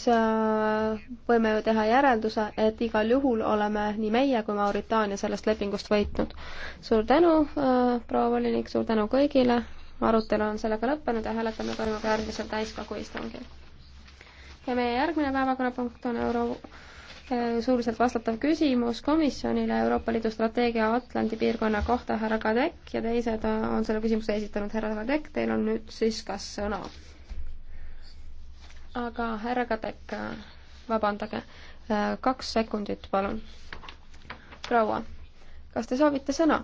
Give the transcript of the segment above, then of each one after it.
siis äh, võime ju teha järelduse, et igal juhul oleme nii meie kui Mauritaania sellest lepingust võitnud. suur tänu, äh, proua volinik, suur tänu kõigile, arutelu on sellega lõppenud ja hääletamine toimub järgmisel täiskogu istungil. ja meie järgmine päevakorrapunkt on euro äh, suuliselt vastatav küsimus komisjonile Euroopa Liidu strateegia Atlandi piirkonna kohta härra Kadek ja teised on selle küsimuse esitanud härra Kadek, teil on nüüd siis kas sõna? aga härra Kadek, vabandage, kaks sekundit, palun. proua, kas te soovite sõna?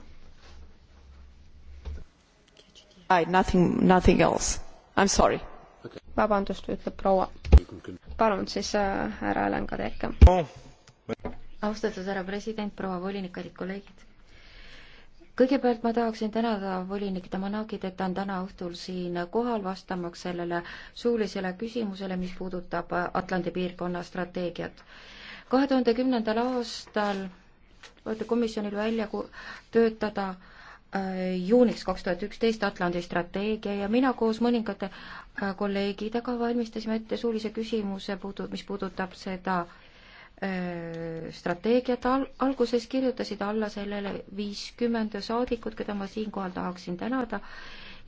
I nothing, nothing else. I m sorry okay.. vabandust, ütleb proua. palun siis äh, härra Helen Kadek. austatud härra president, proua volinik, kallid kolleegid kõigepealt ma tahaksin tänada volinik Tamanakit, et ta on täna õhtul siin kohal vastamaks sellele suulisele küsimusele, mis puudutab Atlandi piirkonna strateegiat. kahe tuhande kümnendal aastal võeti komisjonil välja töötada äh, juuniks kaks tuhat üksteist Atlandi strateegia ja mina koos mõningate äh, kolleegidega valmistasime ette suulise küsimuse puudu, mis puudutab seda äh, Äh, strateegiat al-, alguses kirjutasid alla sellele viiskümmend saadikut, keda ma siinkohal tahaksin tänada,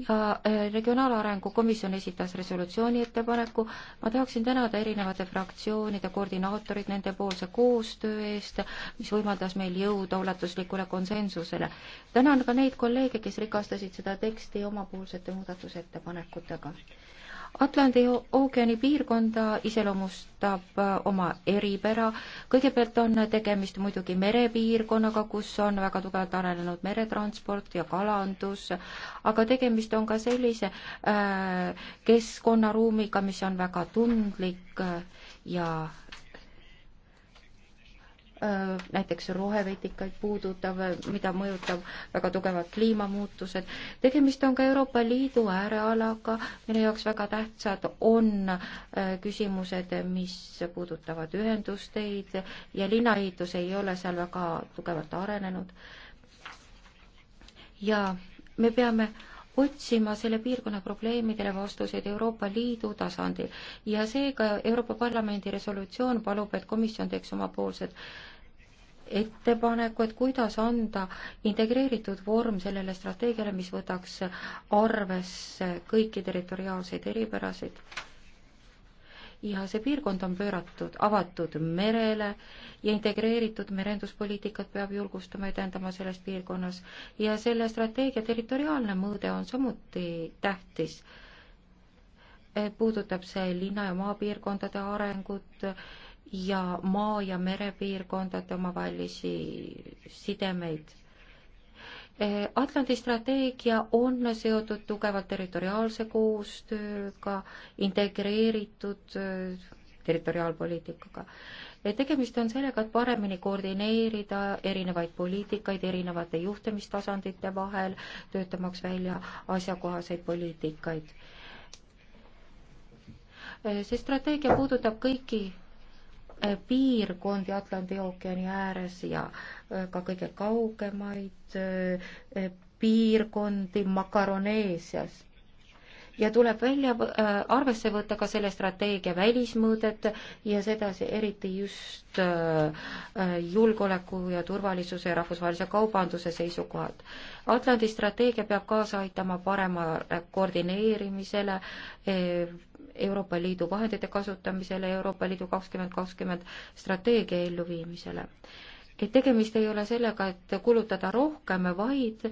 ja äh, Regionaalarengu komisjon esitas resolutsiooni ettepaneku. ma tahaksin tänada erinevate fraktsioonide koordinaatorid nendepoolse koostöö eest, mis võimaldas meil jõuda ulatuslikule konsensusele. tänan ka neid kolleege, kes rikastasid seda teksti omapoolsete muudatusettepanekutega. Atlandi ookeani piirkonda iseloomustab äh, oma eripära. kõigepealt on tegemist muidugi merepiirkonnaga, kus on väga tugevalt arenenud meretransport ja kalandus, aga tegemist on ka sellise äh, keskkonnaruumiga, mis on väga tundlik äh, ja Äh, näiteks rohevetikaid puudutav, mida mõjutab väga tugevad kliimamuutused. tegemist on ka Euroopa Liidu äärealaga, mille jaoks väga tähtsad on äh, küsimused, mis puudutavad ühendusteid ja linnaehitus ei ole seal väga tugevalt arenenud. ja me peame otsima selle piirkonna probleemidele vastuseid Euroopa Liidu tasandil ja seega Euroopa Parlamendi resolutsioon palub, et komisjon teeks omapoolsed ettepaneku, et kuidas anda integreeritud vorm sellele strateegiale, mis võtaks arvesse kõiki territoriaalseid eripärasid. ja see piirkond on pööratud, avatud merele ja integreeritud merenduspoliitikat peab julgustama edendama selles piirkonnas ja selle strateegia territoriaalne mõõde on samuti tähtis puudutab see linna ja maapiirkondade arengut ja maa- ja merepiirkondade omavahelisi sidemeid. Äh, Atlandi strateegia on seotud tugevalt territoriaalse koostööga, integreeritud äh, territoriaalpoliitikaga. Äh, tegemist on sellega, et paremini koordineerida erinevaid poliitikaid erinevate juhtimistasandite vahel, töötamaks välja asjakohaseid poliitikaid. see strateegia puudutab kõiki Äh, piirkondi Atlandi ookeani ääres ja äh, ka kõige kaugemaid äh, piirkondi Makaroneesias. ja tuleb välja, arvesse võtta ka selle strateegia välismõõdet ja sedasi eriti just julgeoleku ja turvalisuse ja rahvusvahelise kaubanduse seisukohalt. Atlandi strateegia peab kaasa aitama parema koordineerimisele Euroopa Liidu vahendite kasutamisele, Euroopa Liidu kakskümmend kakskümmend strateegia elluviimisele et tegemist ei ole sellega, et kulutada rohkem, vaid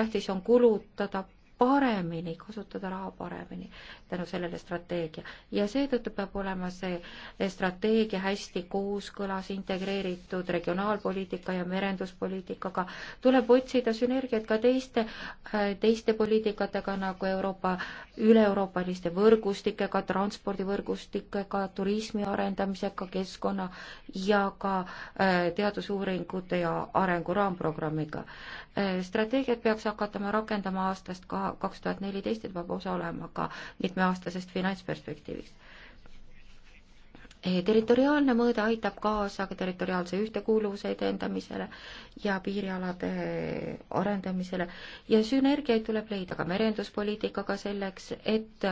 tähtis on kulutada paremini, kasutada raha paremini tänu sellele strateegia. ja seetõttu peab olema see strateegia hästi kooskõlas, integreeritud regionaalpoliitika ja merenduspoliitikaga, tuleb otsida sünergiat ka teiste, teiste poliitikatega, nagu Euroopa, üle-euroopaliste võrgustikega, transpordivõrgustikega, turismi arendamisega, keskkonna ja ka teadusuuringute ja arengu raamprogrammiga Äh, strateegiat peaks hakatama rakendama aastast ka kaks tuhat neliteist, et peab osa olema ka mitmeaastasest finantsperspektiivist äh, territoriaalne mõõde aitab kaasa ka territoriaalse ühtekuuluvuse edendamisele ja piirialade arendamisele ja sünergiaid tuleb leida ka merenduspoliitikaga selleks, et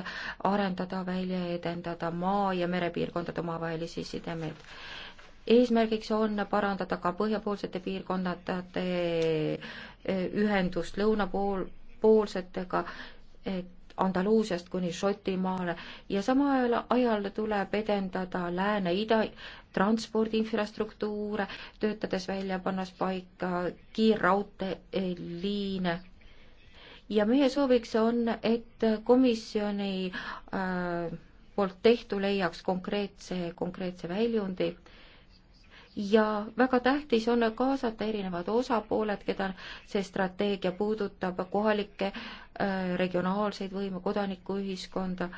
arendada välja ja edendada maa- ja merepiirkondade omavahelisi sidemeid eesmärgiks on parandada ka põhjapoolsete piirkondade e, ühendust lõunapoolsetega, et Andaluusiast kuni Šotimaale ja samal ajal, ajal tuleb edendada Lääne-Ida transpordi infrastruktuure, töötades välja, pannes paika kiirraudteeliine. E, ja meie sooviks on, et komisjoni äh, poolt tehtu leiaks konkreetse, konkreetse väljundi äh, ja väga tähtis on kaasata erinevad osapooled, keda see strateegia puudutab, kohalikke, äh, regionaalseid võimu, kodanikuühiskonda,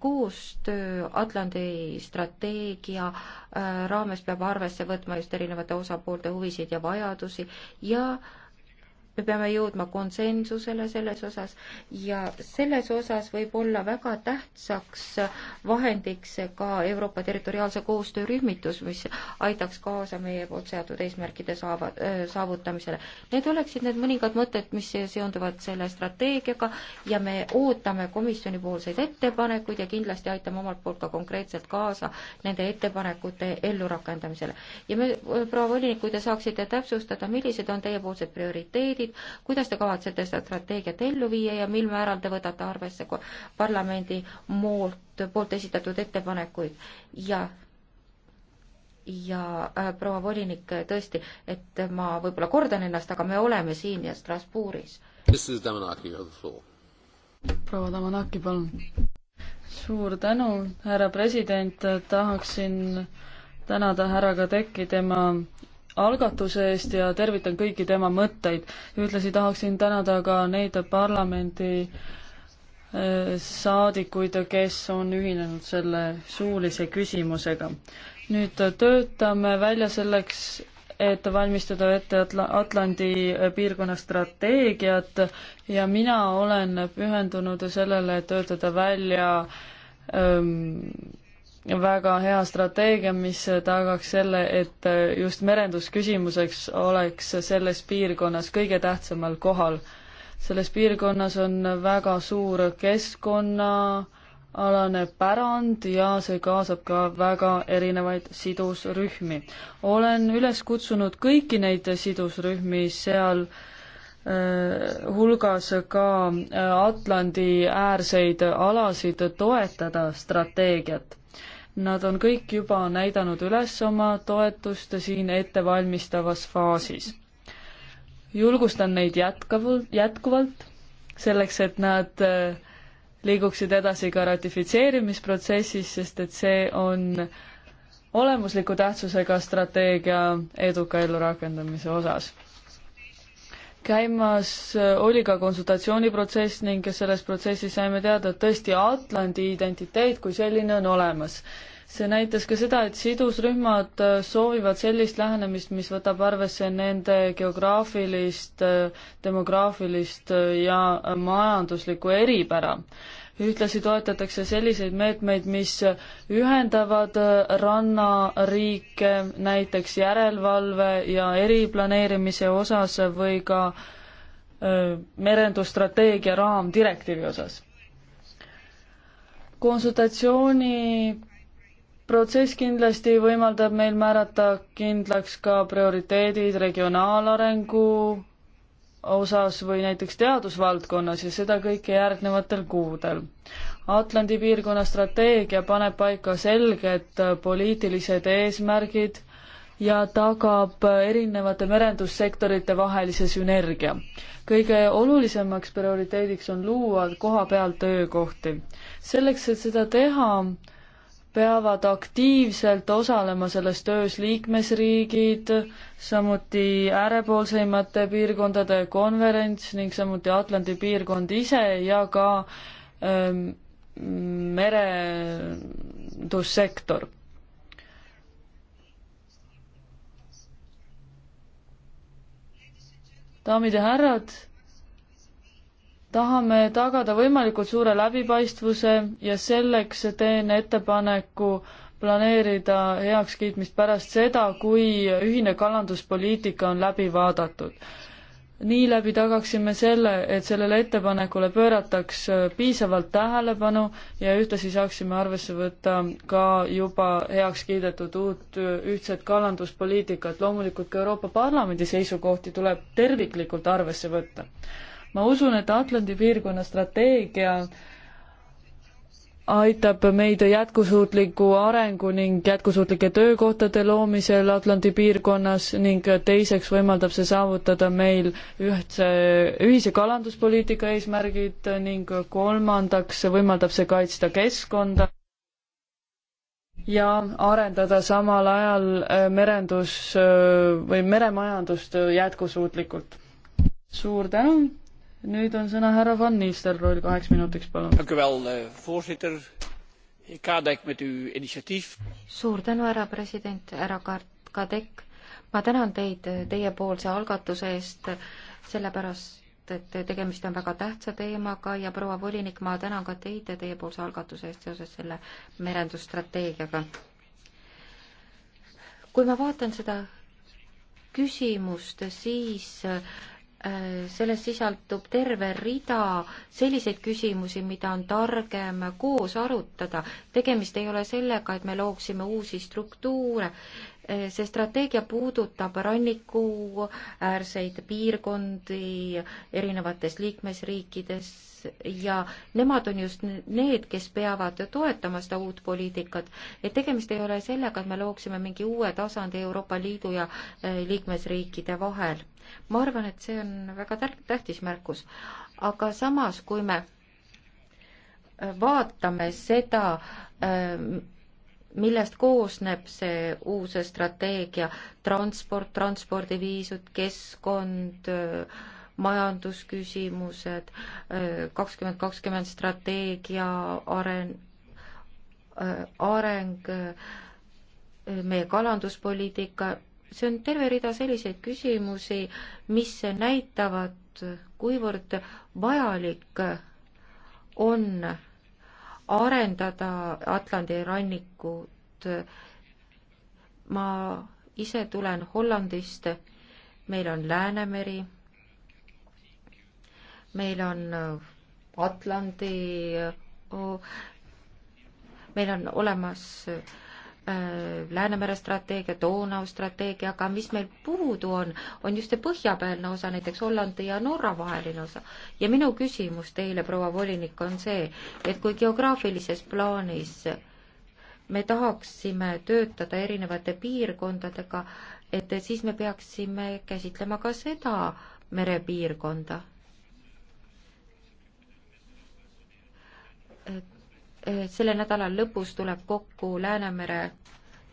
koostöö Atlandi strateegia äh, raames peab arvesse võtma just erinevate osapoolte huvisid ja vajadusi ja äh, me peame jõudma konsensusele selles osas ja selles osas võib olla väga tähtsaks vahendiks ka Euroopa territoriaalse koostöö rühmitus, mis aitaks kaasa meie poolt seatud eesmärkide saava, äh, saavutamisele. Need oleksid need mõningad mõtted, mis seonduvad selle strateegiaga ja me ootame komisjonipoolseid ettepanekuid ja kindlasti aitame omalt poolt ka konkreetselt kaasa nende ettepanekute ellurakendamisele. ja me, proua volinik, kui te saaksite täpsustada, millised on teiepoolsed prioriteedid, räägib, kuidas te kavatsete seda strateegiat ellu viia ja mil määral te võtate arvesse parlamendi poolt, poolt esitatud ettepanekuid ja ja äh, proua volinik, tõesti, et ma võib-olla kordan ennast, aga me oleme siin ja Strasbourgis. proua Damanaki, palun. suur tänu, härra president, tahaksin tänada härra Kadeki tema algatuse eest ja tervitan kõiki tema mõtteid. ühtlasi tahaksin tänada ka neid parlamendi äh, saadikuid, kes on ühinenud selle suulise küsimusega. nüüd äh, töötame välja selleks, et valmistada ette Atla-, Atlandi äh, piirkonna strateegiat ja mina olen pühendunud sellele, et töötada välja öö, ähm, väga hea strateegia, mis tagaks selle, et just merendusküsimuseks oleks selles piirkonnas kõige tähtsamal kohal. selles piirkonnas on väga suur keskkonnaalane pärand ja see kaasab ka väga erinevaid sidusrühmi. olen üles kutsunud kõiki neid sidusrühmi seal äh, hulgas ka äh, Atlandi äärseid alasid toetada strateegiat Nad on kõik juba näidanud üles oma toetust siin ettevalmistavas faasis. julgustan neid jätkavalt, jätkuvalt selleks, et nad äh, liiguksid edasi ka ratifitseerimisprotsessis, sest et see on olemusliku tähtsusega strateegia eduka ellurakendamise osas käimas äh, oli ka konsultatsiooniprotsess ning selles protsessis saime teada, et tõesti Atlandi identiteet kui selline on olemas. see näitas ka seda, et sidusrühmad äh, soovivad sellist lähenemist, mis võtab arvesse nende geograafilist, äh, demograafilist ja majanduslikku eripära ühtlasi toetatakse selliseid meetmeid, mis ühendavad äh, rannariike näiteks järelevalve ja eriplaneerimise osas või ka äh, merendusstrateegia raamdirektiivi osas. konsultatsiooni protsess kindlasti võimaldab meil määrata kindlaks ka prioriteedid regionaalarengu osas või näiteks teadusvaldkonnas ja seda kõike järgnevatel kuudel. Atlandi piirkonna strateegia paneb paika selged poliitilised eesmärgid ja tagab erinevate merendussektorite vahelise sünergia. kõige olulisemaks prioriteediks on luua kohapeal töökohti. selleks, et seda teha, peavad aktiivselt osalema selles töös liikmesriigid, samuti äärepoolseimate piirkondade konverents ning samuti Atlandi piirkond ise ja ka ähm, merendussektor. daamid ja härrad tahame tagada võimalikult suure läbipaistvuse ja selleks teen ettepaneku planeerida heakskiitmist pärast seda, kui ühine kalanduspoliitika on läbi vaadatud. nii läbi tagaksime selle, et sellele ettepanekule pöörataks piisavalt tähelepanu ja ühtlasi saaksime arvesse võtta ka juba heaks kiidetud uut ühtset kalanduspoliitikat. loomulikult ka Euroopa Parlamendi seisukohti tuleb terviklikult arvesse võtta ma usun, et Atlandi piirkonna strateegia aitab meid jätkusuutliku arengu ning jätkusuutlike töökohtade loomisel Atlandi piirkonnas ning teiseks võimaldab see saavutada meil ühtse, ühise kalanduspoliitika eesmärgid ning kolmandaks võimaldab see kaitsta keskkonda ja arendada samal ajal äh, merendus äh, või meremajandust jätkusuutlikult. suur tänu! nüüd on sõna härra Van Nistelrooil kaheks minutiks, palun. Eh, suur tänu, härra president, härra Kadek. ma tänan teid eh, teiepoolse algatuse eest, sellepärast et tegemist on väga tähtsa teemaga ja proua volinik, ma tänan ka teid teiepoolse algatuse eest seoses selle merendusstrateegiaga. kui ma vaatan seda küsimust, siis äh, selles sisaldub terve rida selliseid küsimusi, mida on targem koos arutada. tegemist ei ole sellega, et me looksime uusi struktuure. see strateegia puudutab rannikuäärseid piirkondi erinevates liikmesriikides ja nemad on just need, kes peavad toetama seda uut poliitikat. et tegemist ei ole sellega, et me looksime mingi uue tasandi Euroopa Liidu ja eh, liikmesriikide vahel ma arvan, et see on väga tähtis märkus. aga samas, kui me äh, vaatame seda, ähm, millest koosneb see uus strateegia, transport, transpordiviisud, keskkond, äh, majandusküsimused, äh, kakskümmend kakskümmend strateegia aren-, areng, meie kalanduspoliitika, see on terve rida selliseid küsimusi, mis näitavad, kuivõrd vajalik on arendada Atlandi rannikut. ma ise tulen Hollandist, meil on Läänemeri, meil on Atlandi, oh, meil on olemas äh, Äh, Läänemere strateegia, Donau strateegia, aga mis meil puudu on, on just see põhjapealne osa, näiteks Hollandi ja Norra vaheline osa. ja minu küsimus teile, proua volinik, on see, et kui geograafilises plaanis me tahaksime töötada erinevate piirkondadega, et siis me peaksime käsitlema ka seda merepiirkonda. et selle nädala lõpus tuleb kokku Läänemere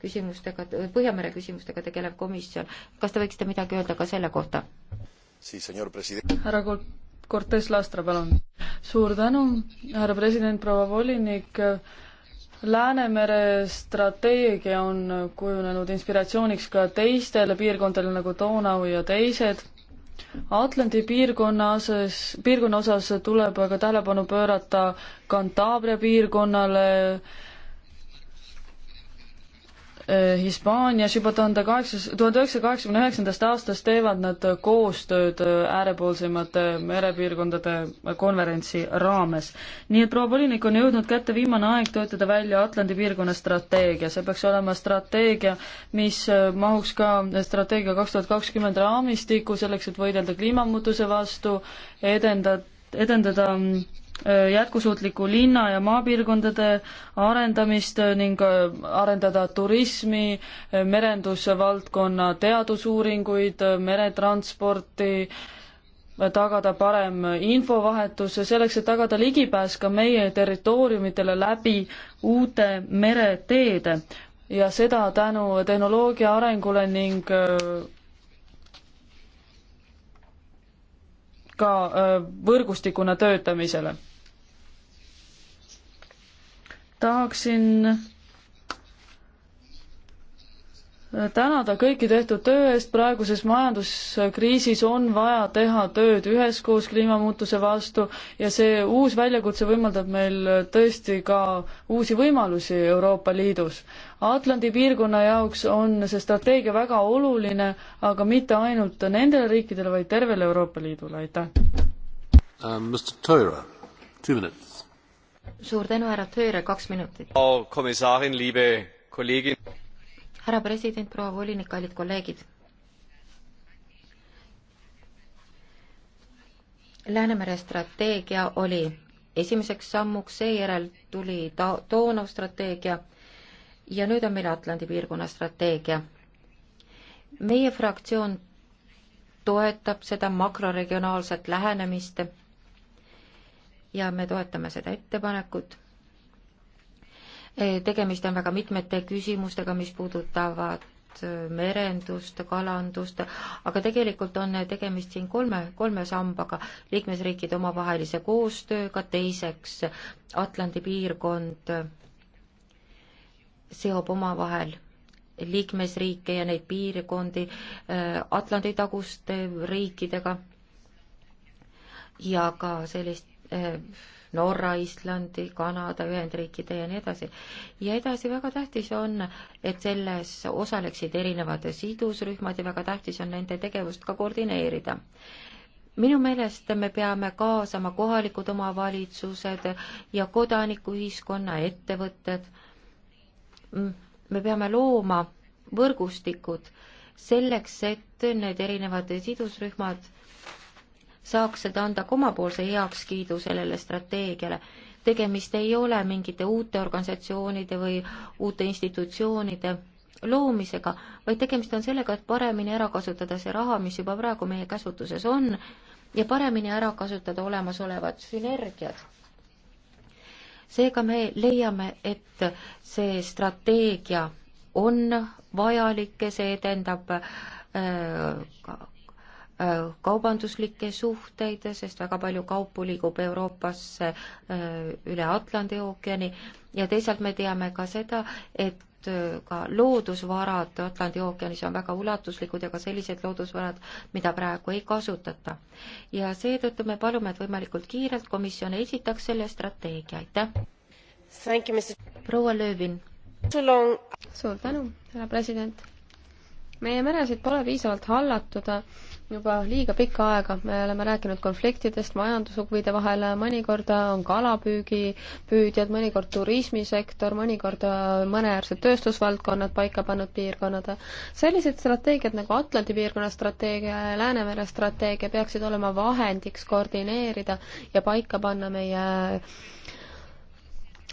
küsimustega, Põhjamere küsimustega tegelev komisjon. kas te võiksite midagi öelda ka selle kohta? härra Cortes Lastra, palun. suur tänu, härra president, proua volinik. Läänemere strateegia on kujunenud inspiratsiooniks ka teistele piirkondadele nagu Donau ja teised Atlandi piirkonna osas, piirkonna osas tuleb aga tähelepanu pöörata Kantaabria piirkonnale, Äh, Hispaanias juba tuhande kaheksas, tuhande üheksasaja kaheksakümne üheksandast aastast teevad nad koostööd äh, äärepoolsemate merepiirkondade konverentsi raames. nii et proua volinik on jõudnud kätte viimane aeg töötada välja Atlandi piirkonna strateegia, see peaks olema strateegia, mis äh, mahuks ka strateegia kaks tuhat kakskümmend raamistikku selleks, et võidelda kliimamuutuse vastu, edenda, edendada mm, Äh, jätkusuutliku linna ja maapiirkondade arendamist ning äh, arendada turismi, äh, merendusvaldkonna teadusuuringuid, meretransporti, tagada parem infovahetus ja selleks, et tagada ligipääs ka meie territooriumitele läbi uute mereteede ja seda tänu tehnoloogia arengule ning ka võrgustikuna töötamisele tahaksin tänada kõiki tehtud töö eest, praeguses majanduskriisis on vaja teha tööd üheskoos kliimamuutuse vastu ja see uus väljakutse võimaldab meil tõesti ka uusi võimalusi Euroopa Liidus. Atlandi piirkonna jaoks on see strateegia väga oluline, aga mitte ainult nendele riikidele, vaid tervele Euroopa Liidule, aitäh um,! Uh, Mr Toira, two minutes suur tänu, härra Tööre, kaks minutit. härra president, proua volinik, kallid kolleegid. Läänemere strateegia oli esimeseks sammuks, seejärel tuli ta-, Donau strateegia ja nüüd on meil Atlandi piirkonna strateegia. meie fraktsioon toetab seda makroregionaalset lähenemist ja me toetame seda ettepanekut. Eh, tegemist on väga mitmete küsimustega, mis puudutavad eh, merendust, kalandust, aga tegelikult on tegemist siin kolme, kolme sambaga, liikmesriikide omavahelise koostööga, teiseks Atlandi piirkond eh, seob omavahel liikmesriike ja neid piirkondi Atlandi taguste riikidega ja ka sellist Eh, Norra, Islandi, Kanada, Ühendriikide ja nii edasi. ja edasi väga tähtis on, et selles osaleksid erinevad sidusrühmad ja väga tähtis on nende tegevust ka koordineerida minu meelest me peame kaasama kohalikud omavalitsused ja kodanikuühiskonna ettevõtted. me peame looma võrgustikud selleks, et need erinevad sidusrühmad saaks seda anda ka omapoolse heakskiidu sellele strateegiale. tegemist ei ole mingite uute organisatsioonide või uute institutsioonide loomisega, vaid tegemist on sellega, et paremini ära kasutada see raha, mis juba praegu meie käsutuses on, ja paremini ära kasutada olemasolevad sünergiad seega me leiame, et see strateegia on vajalik ja see edendab äh, Äh, kaubanduslikke suhteid, sest väga palju kaupu liigub Euroopasse äh, üle Atlandi ookeani ja teisalt me teame ka seda, et äh, ka loodusvarad Atlandi ookeanis on väga ulatuslikud ja ka sellised loodusvarad, mida praegu ei kasutata. ja seetõttu me palume, et võimalikult kiirelt komisjon esitaks selle strateegia, aitäh! proua Löövin. suur tänu, härra president! meie meresid pole piisavalt hallatud juba liiga pikka aega, me oleme rääkinud konfliktidest majandushuvide vahel, mõnikord on kalapüügi püüdjad, mõnikord turismisektor, mõnikord mõneäärsed tööstusvaldkonnad paika pannud piirkonnad. sellised strateegiad nagu Atlandi piirkonna strateegia ja Läänemere strateegia peaksid olema vahendiks koordineerida ja paika panna meie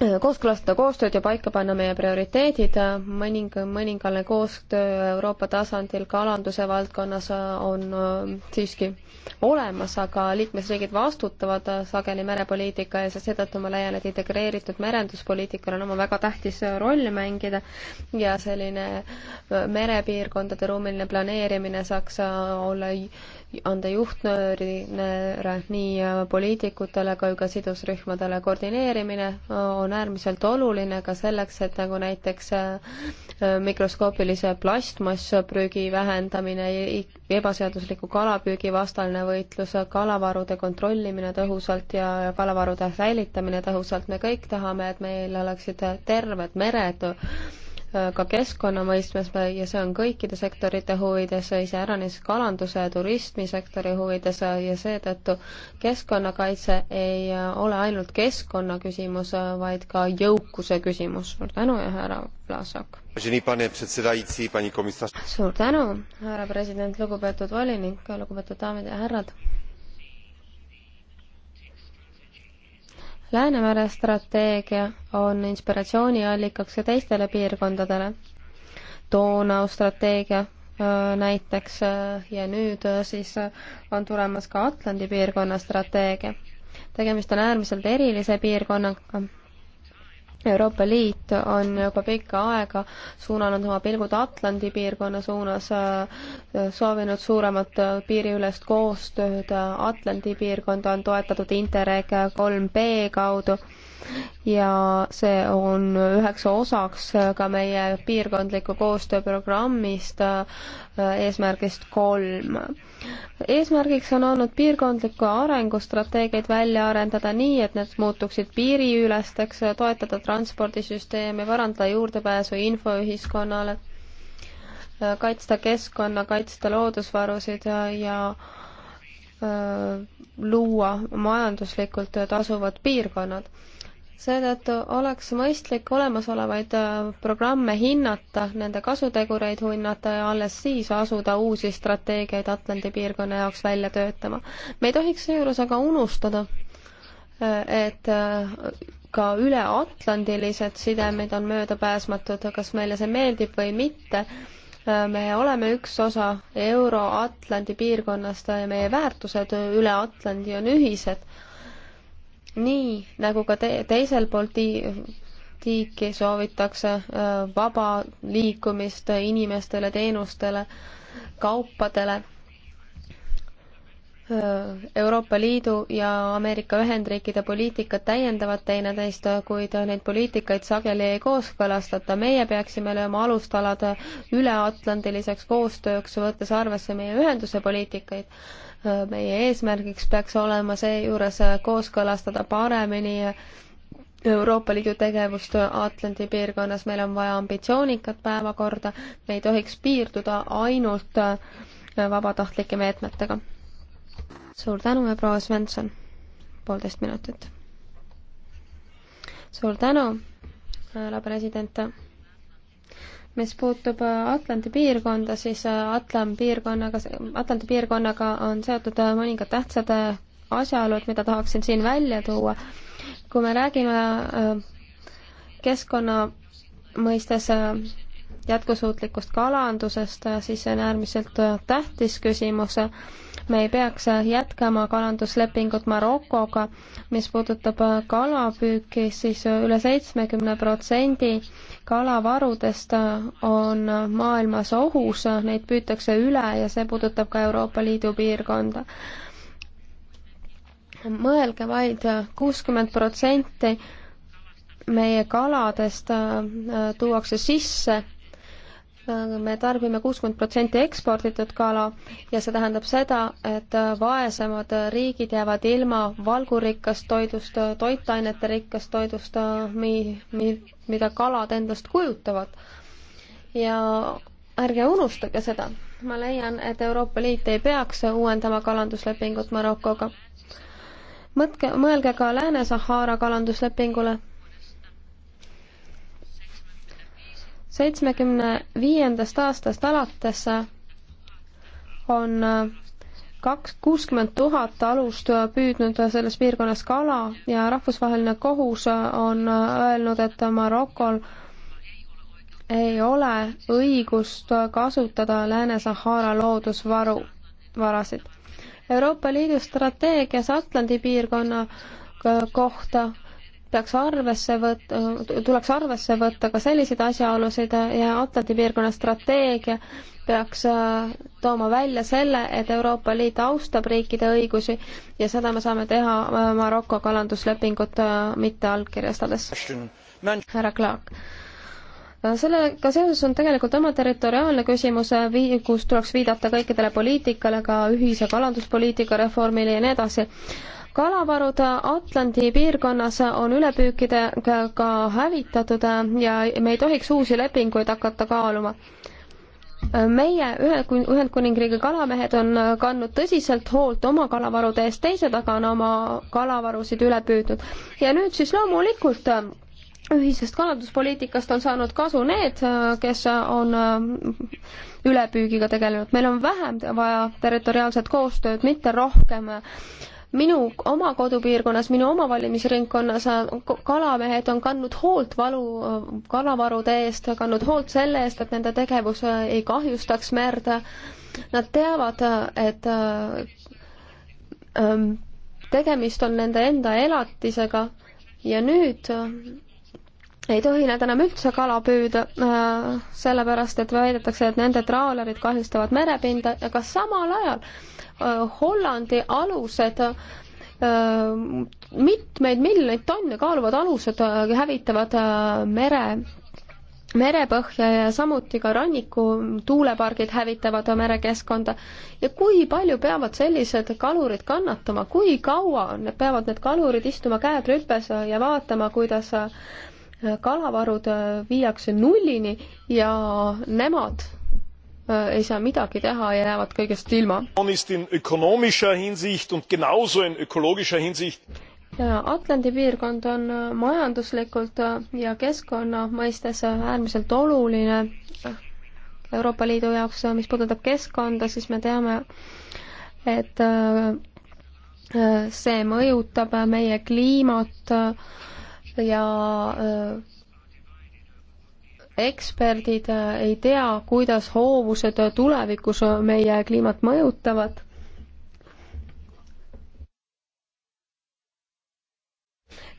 Äh, kooskõlastada koostööd ja paika panna meie prioriteedid, mõning, mõningane koostöö Euroopa tasandil kalanduse valdkonnas äh, on äh, siiski olemas, aga liikmesriigid vastutavad sageli merepoliitika ees ja seetõttu ma leian, et integreeritud merenduspoliitikal on oma väga tähtis roll mängida ja selline merepiirkondade ruumiline planeerimine saaks olla anda juhtnööre nii poliitikutele kui ka sidusrühmadele. koordineerimine on äärmiselt oluline ka selleks, et nagu näiteks äh, mikroskoopilise plastmassprügi vähendamine, ebaseadusliku kalapüügi vastane võitlus, kalavarude kontrollimine tõhusalt ja kalavarude säilitamine tõhusalt, me kõik tahame, et meil oleksid terved mered ka keskkonna mõistmes ja see on kõikide sektorite huvides, iseäranis kalanduse ja turismisektori huvides ja seetõttu keskkonnakaitse ei ole ainult keskkonna küsimus, vaid ka jõukuse küsimus. suur tänu ja härra Vlasak! suur tänu, härra president, lugupeetud volinik, lugupeetud daamid ja härrad! Läänemere strateegia on inspiratsiooniallikaks ka teistele piirkondadele. Donau strateegia äh, näiteks äh, ja nüüd äh, siis on tulemas ka Atlandi piirkonna strateegia. tegemist on äärmiselt erilise piirkonnaga Euroopa Liit on juba pikka aega suunanud oma pilgud Atlandi piirkonna suunas, äh, soovinud suuremat piiriülest koostööd, Atlandi piirkonda on toetatud Interreg 3B kaudu ja see on üheks osaks ka meie piirkondliku koostööprogrammist äh, eesmärgist kolm. eesmärgiks on olnud piirkondlikku arengustrateegiaid välja arendada nii, et need muutuksid piiriülesteks, toetada transpordisüsteemi, parandada juurdepääsu infoühiskonnale, äh, kaitsta keskkonna, kaitsta loodusvarusid ja, ja äh, luua majanduslikult tasuvad piirkonnad seetõttu oleks mõistlik olemasolevaid äh, programme hinnata, nende kasutegureid hinnata ja alles siis asuda uusi strateegiaid Atlandi piirkonna jaoks välja töötama. me ei tohiks seejuures aga unustada, äh, et äh, ka üleatlandilised sidemed on möödapääsmatud, kas meile see meeldib või mitte, me oleme üks osa Euro-Atlandi piirkonnast ja meie väärtused üle Atlandi on ühised nii nagu ka te teisel pool ti-, tiiki soovitakse äh, vaba liikumist inimestele, teenustele, kaupadele äh, Euroopa Liidu ja Ameerika Ühendriikide poliitikad täiendavad teineteist, kuid neid poliitikaid sageli ei kooskõlastata. meie peaksime lööma alustalad üleatlandiliseks koostööks, võttes arvesse meie ühenduse poliitikaid meie eesmärgiks peaks olema seejuures kooskõlastada paremini Euroopa Liidu tegevust Atlandi piirkonnas, meil on vaja ambitsioonikat päevakorda, me ei tohiks piirduda ainult vabatahtlike meetmetega. suur tänu ja proua Svensson, poolteist minutit. suur tänu, härra president mis puutub äh, Atlandi piirkonda, siis äh, Atlandi piirkonnaga, Atlandi piirkonnaga on seotud äh, mõningad tähtsad asjaolud, mida tahaksin siin välja tuua. kui me räägime keskkonna mõistes jätkusuutlikust kalandusest, siis see on äärmiselt äh, tähtis küsimus. me ei peaks äh, jätkama kalanduslepingut Marokoga, mis puudutab äh, kalapüüki, siis üle seitsmekümne protsendi kalavarudest on maailmas ohus, neid püütakse üle ja see puudutab ka Euroopa Liidu piirkonda mõelge vaid, kuuskümmend protsenti meie kaladest tuuakse sisse Äh, me tarbime kuuskümmend protsenti eksporditud kala ja see tähendab seda, et vaesemad riigid jäävad ilma valgurikkast toidust, toitainete rikkast toidust, mi-, mi-, mida kalad endast kujutavad. ja ärge unustage seda. ma leian, et Euroopa Liit ei peaks uuendama kalanduslepingut Marokoga. mõtke, mõelge ka Lääne-Sahara kalanduslepingule seitsmekümne viiendast aastast alates on kaks, kuuskümmend tuhat alust püüdnud selles piirkonnas kala ja rahvusvaheline kohus on öelnud, et Marokol ei ole õigust kasutada Lääne-Sahara loodusvaru, varasid. Euroopa Liidu strateegias Atlandi piirkonna kohta peaks arvesse võtta, tuleks arvesse võtta ka selliseid asjaolusid ja Atlandi piirkonna strateegia peaks äh, tooma välja selle, et Euroopa Liit austab riikide õigusi ja seda me saame teha äh, Maroko kalanduslepingut äh, mitte allkirjastades. härra Clark sellega seoses on tegelikult oma territoriaalne küsimus, kus tuleks viidata kõikidele poliitikale, ka ühise kalanduspoliitika reformile ja nii edasi, kalavarud Atlandi piirkonnas on ülepüükidega ka hävitatud ja me ei tohiks uusi lepinguid hakata kaaluma meie Ühendkuningriigi kalamehed on kandnud tõsiselt hoolt oma kalavarude eest, teised aga on oma kalavarusid üle püüdnud. ja nüüd siis loomulikult ühisest kalanduspoliitikast on saanud kasu need, kes on ülepüügiga tegelenud. meil on vähem vaja territoriaalset koostööd, mitte rohkem minu oma kodupiirkonnas, minu oma valimisringkonnas äh, kalamehed on kandnud hoolt valu, äh, kalavarude eest, kandnud hoolt selle eest, et nende tegevus äh, ei kahjustaks merd. Nad teavad, et ähm, tegemist on nende enda elatisega ja nüüd ei tohi nad enam üldse kala püüda, sellepärast et väidetakse, et nende traalerid kahjustavad merepinda, aga samal ajal Äh, Hollandi alused äh, mitmeid miljoneid tonne kaaluvad alused äh, hävitavad mere, merepõhja ja samuti ka ranniku tuulepargid hävitavad merekeskkonda. ja kui palju peavad sellised kalurid kannatama, kui kaua need peavad need kalurid istuma käed rüpes ja vaatama, kuidas kalavarud viiakse nullini ja nemad Äh, ei saa midagi teha ja jäävad kõigest ilma. Atlandi piirkond on äh, majanduslikult äh, ja keskkonna mõistes äärmiselt oluline Euroopa Liidu jaoks, mis puudutab keskkonda, siis me teame, et see mõjutab meie kliimat ja eksperdid äh, ei tea, kuidas hoovused äh, tulevikus äh, meie kliimat mõjutavad.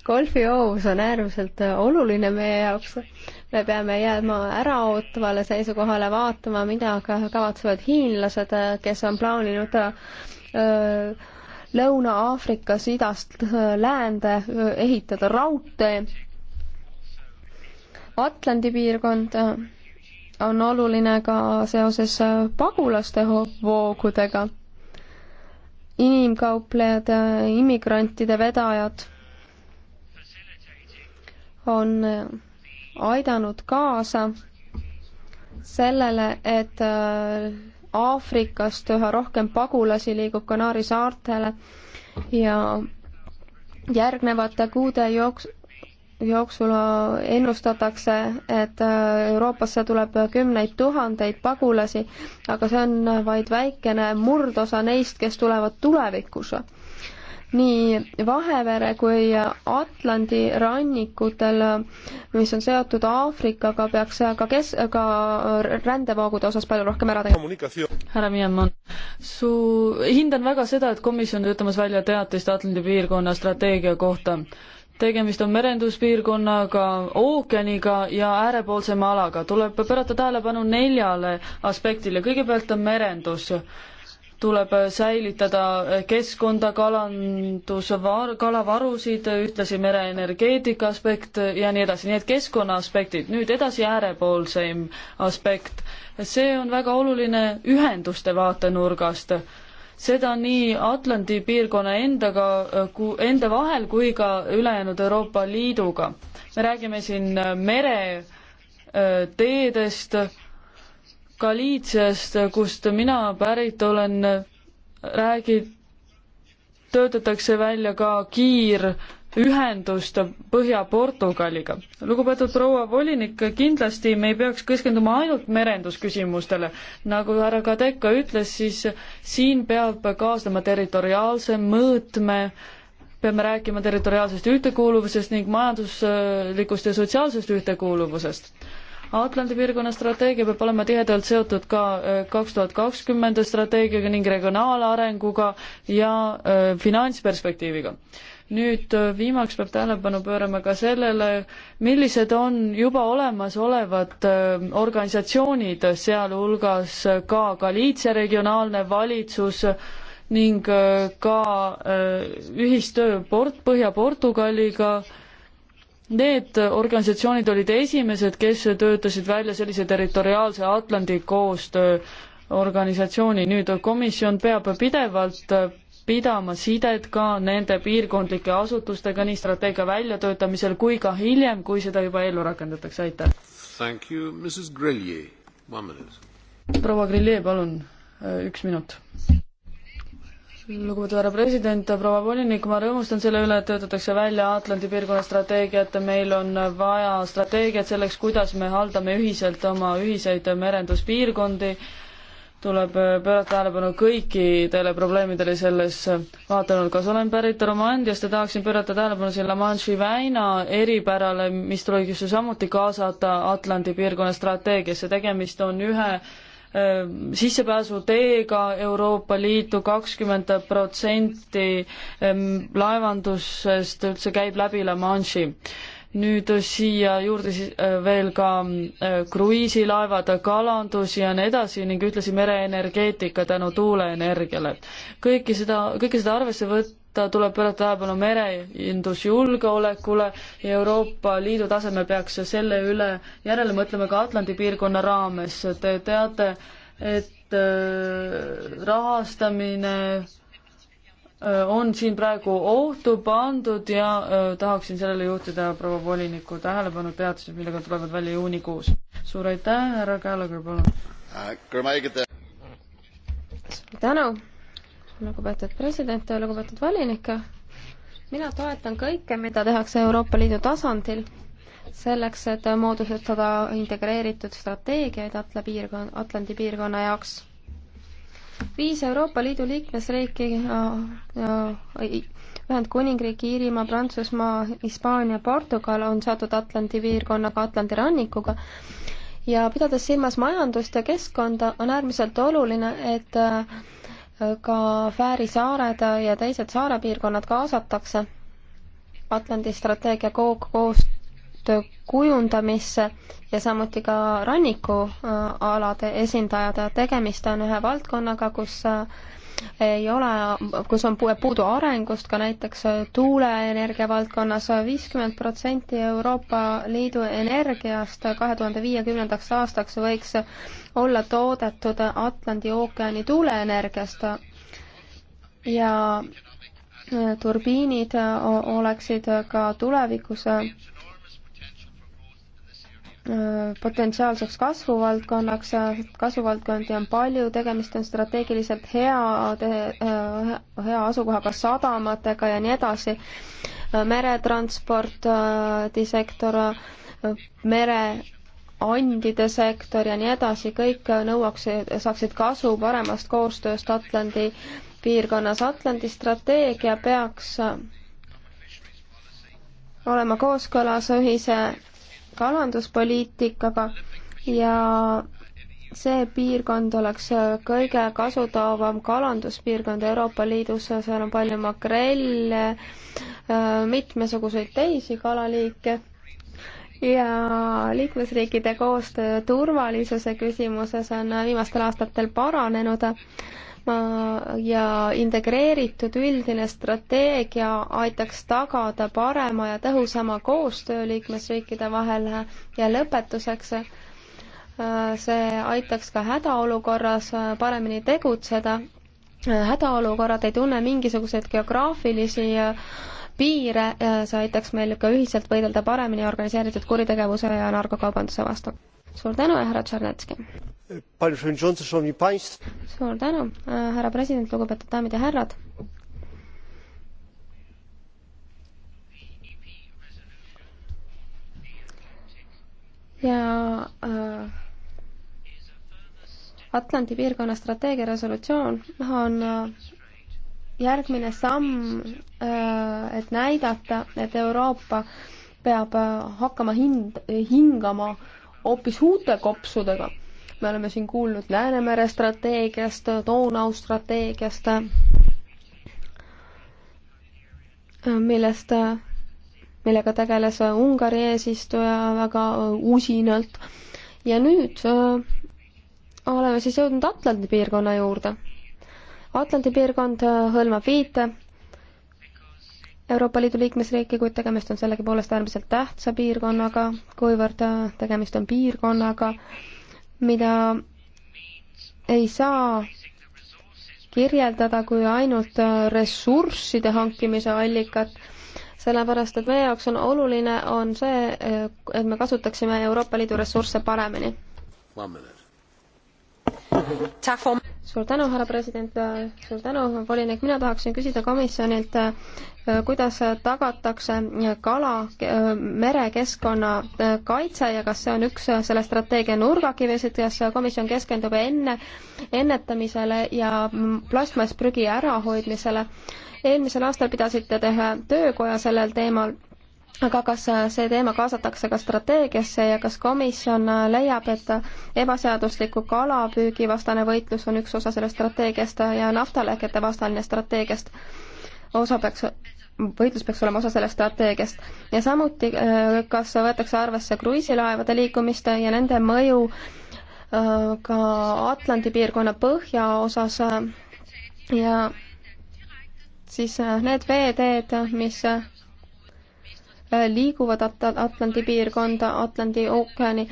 golfihoovus on äärmiselt oluline meie jaoks. me peame jääma äraootavale seisukohale, vaatama, mida kavatsevad hiinlased, kes on plaaninud öö, Lõuna-Aafrikas idast läände ehitada raudtee Atlandi piirkond äh, on oluline ka seoses äh, pagulaste voogudega. inimkauplejad, äh, immigrantide vedajad on aidanud kaasa sellele, et Aafrikast üha rohkem pagulasi liigub Kanaari saartele ja järgnevate kuude jooks-, jooksul ennustatakse, et äh, Euroopasse tuleb kümneid tuhandeid pagulasi, aga see on vaid väikene murdosa neist, kes tulevad tulevikus. nii Vahevere kui Atlandi rannikutel, mis on seotud Aafrikaga, peaks ka kes-, ka rändevoogude osas palju rohkem ära tegema. härra Miamann, su, hindan väga seda, et komisjon töötamas välja teatist Atlandi piirkonna strateegia kohta tegemist on merenduspiirkonnaga, ookeaniga ja äärepoolsema alaga. tuleb pöörata tähelepanu neljale aspektile, kõigepealt on merendus tuleb säilitada keskkonda, kalandus, kalavarusid, ühtlasi mereenergeetika aspekt ja nii edasi, nii et keskkonna aspektid. nüüd edasi äärepoolseim aspekt. see on väga oluline ühenduste vaatenurgast seda nii Atlandi piirkonna endaga, äh, enda vahel kui ka ülejäänud Euroopa Liiduga. me räägime siin äh, mereteedest, äh, Galiitsiast, kust mina pärit olen, räägi-, töötatakse välja ka kiir ühendust Põhja-Portugaliga. lugupeetud proua volinik, kindlasti me ei peaks keskenduma ainult merendusküsimustele. nagu härra Kadeka ütles, siis siin peab kaasnema territoriaalse mõõtme, peame rääkima territoriaalsest ühtekuuluvusest ning majanduslikust ja sotsiaalsest ühtekuuluvusest. Atlandi piirkonna strateegia peab olema tihedalt seotud ka äh, kaks tuhat kakskümmend strateegiaga ning regionaalarenguga ja äh, finantsperspektiiviga nüüd äh, viimaks peab tähelepanu pöörama ka sellele, millised on juba olemasolevad äh, organisatsioonid, sealhulgas äh, ka Galiitsia regionaalne valitsus ning ka ühistöö Port-, Põhja-Portugaliga need organisatsioonid olid esimesed, kes töötasid välja sellise territoriaalse Atlandi koostöö organisatsiooni, nüüd komisjon peab pidevalt pidama sidet ka nende piirkondlike asutustega nii strateegia väljatöötamisel kui ka hiljem, kui seda juba ellu rakendatakse, aitäh! proua Grillier, palun, äh, üks minut. lugupeetud härra president, proua volinik, ma rõõmustan selle üle, et töötatakse välja Atlandi piirkonna strateegiat, meil on vaja strateegiat selleks, kuidas me haldame ühiselt oma ühiseid merenduspiirkondi tuleb äh, pöörata tähelepanu kõikidele probleemidele selles äh, vaatenurgas. olen pärit Romandiast ja tahaksin pöörata tähelepanu siin La Manche'i väina eripärale, mis tuleks ju samuti kaasata Atlandi piirkonna strateegiasse. tegemist on ühe äh, sissepääsuteega Euroopa Liitu kakskümmend protsenti ähm, laevandusest üldse käib läbi La Manche'i nüüd siia juurde siis äh, veel ka äh, kruiisilaevad, kalandus ja nii edasi ning ühtlasi mereenergeetika tänu tuuleenergiale. kõike seda, kõike seda arvesse võtta ta tuleb pöörata tähelepanu merendusjulgeolekule ja Euroopa Liidu tasemel peaks selle üle järele mõtlema ka Atlandi piirkonna raames. Te teate, et äh, rahastamine Äh, on siin praegu ohtu pandud ja öö, äh, tahaksin sellele juhtida proua voliniku tähelepanu peatused, millega tulevad välja juunikuus. suur aitäh, härra Gallagher, palun äh,! suur tänu, lugupeetud president ja lugupeetud volinik! mina toetan kõike, mida tehakse Euroopa Liidu tasandil selleks, et moodustada integreeritud strateegiaid Atla piirkon-, Atlandi piirkonna jaoks viis Euroopa Liidu liikmesriiki äh, äh, Ühendkuningriik, Iirimaa, Prantsusmaa, Hispaania, Portugal on seotud Atlandi piirkonnaga, Atlandi rannikuga ja pidades silmas majandust ja keskkonda, on äärmiselt oluline, et äh, ka Fääri saared ja teised saarepiirkonnad kaasatakse Atlandi strateegia koog-, koos-, kujundamisse ja samuti ka rannikualade esindajad. tegemist on ühe valdkonnaga, kus äh, ei ole, kus on puudu arengust ka näiteks tuuleenergia valdkonnas. viiskümmend protsenti Euroopa Liidu energiast kahe tuhande viiekümnendaks aastaks võiks olla toodetud Atlandi ookeani tuuleenergiast ja turbiinid oleksid ka tulevikus Äh, potentsiaalseks kasvuvaldkonnaks, kasvuvaldkondi on palju, tegemist on strateegiliselt hea, äh, hea asukohaga sadamatega ja nii edasi, äh, meretranspordisektor, mereandide sektor ja nii edasi, kõik nõuaks, saaksid kasu paremast koostööst Atlandi piirkonnas. Atlandi strateegia peaks olema kooskõlas ühise kalanduspoliitikaga ja see piirkond oleks kõige kasutoovam kalanduspiirkond Euroopa Liidus, seal on palju makrelle, mitmesuguseid teisi kalaliike ja liikmesriikide koostöö turvalisuse küsimuses on viimastel aastatel paranenud ja integreeritud üldine strateegia aitaks tagada parema ja tõhusama koostöö liikmesriikide vahel ja lõpetuseks äh, see aitaks ka hädaolukorras äh, paremini tegutseda. Äh, hädaolukorrad ei tunne mingisuguseid geograafilisi piire, see aitaks meil ka ühiselt võidelda paremini organiseeritud kuritegevuse ja narkokaubanduse vastu suur tänu ja härra Tšernetski! suur tänu, äh, härra president, lugupeetud daamid ja härrad! ja äh, Atlandi piirkonna strateegia resolutsioon on äh, järgmine samm, äh, et näidata, et Euroopa peab äh, hakkama hind, hingama hoopis uute kopsudega. me oleme siin kuulnud Läänemere strateegiast, Donau strateegiast, millest, millega tegeles Ungari eesistuja väga usinalt. ja nüüd öö, oleme siis jõudnud Atlandi piirkonna juurde. Atlandi piirkond hõlmab viite Euroopa Liidu liikmesriiki, kuid tegemist on sellegipoolest äärmiselt tähtsa piirkonnaga, kuivõrd äh, tegemist on piirkonnaga, mida ei saa kirjeldada kui ainult äh, ressursside hankimise allikat, sellepärast et meie jaoks on oluline, on see, äh, et me kasutaksime Euroopa Liidu ressursse paremini suur tänu, härra president, äh, suur tänu, volinik, mina tahaksin küsida komisjonilt, äh, kuidas tagatakse kala äh, merekeskkonna kaitse ja kas see on üks selle strateegia nurgakivisid, kas komisjon keskendub enne, ennetamisele ja mm, plastmassprügi ärahoidmisele? eelmisel aastal pidasite te ühe töökoja sellel teemal aga kas äh, see teema kaasatakse ka strateegiasse ja kas komisjon äh, leiab, et äh, ebaseadusliku kalapüügi vastane võitlus on üks osa sellest strateegiast ja naftalehkete vastaline strateegiast osa peaks, võitlus peaks olema osa sellest strateegiast. ja samuti, kas võetakse arvesse kruiisilaevade liikumist ja nende mõju ka Atlandi piirkonna põhjaosas ja siis need veeteed, mis Äh, liiguvad At-, Atlandi piirkonda, Atlandi ookeani,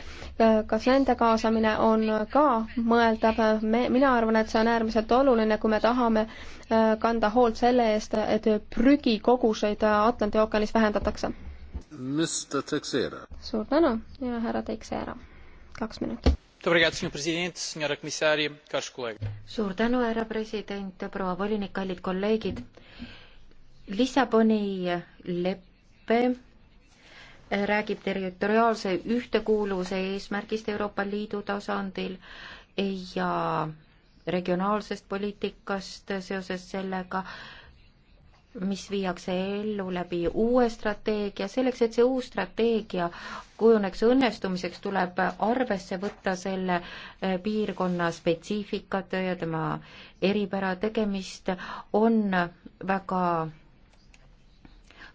äh, kas nende kaasamine on ka mõeldav, me, mina arvan, et see on äärmiselt oluline, kui me tahame äh, kanda hoolt selle eest, et prügikoguseid Atlandi ookeanis vähendatakse. suur tänu ja härra Teixeira, kaks minutit. suur tänu, härra president, proua volinik, kallid kolleegid. Lissaboni lepe räägib territoriaalse ühtekuuluvuse eesmärgist Euroopa Liidu tasandil ja regionaalsest poliitikast seoses sellega, mis viiakse ellu läbi uue strateegia, selleks et see uus strateegia kujuneks õnnestumiseks, tuleb arvesse võtta selle eh, piirkonna spetsiifikat ja tema eripära tegemist on väga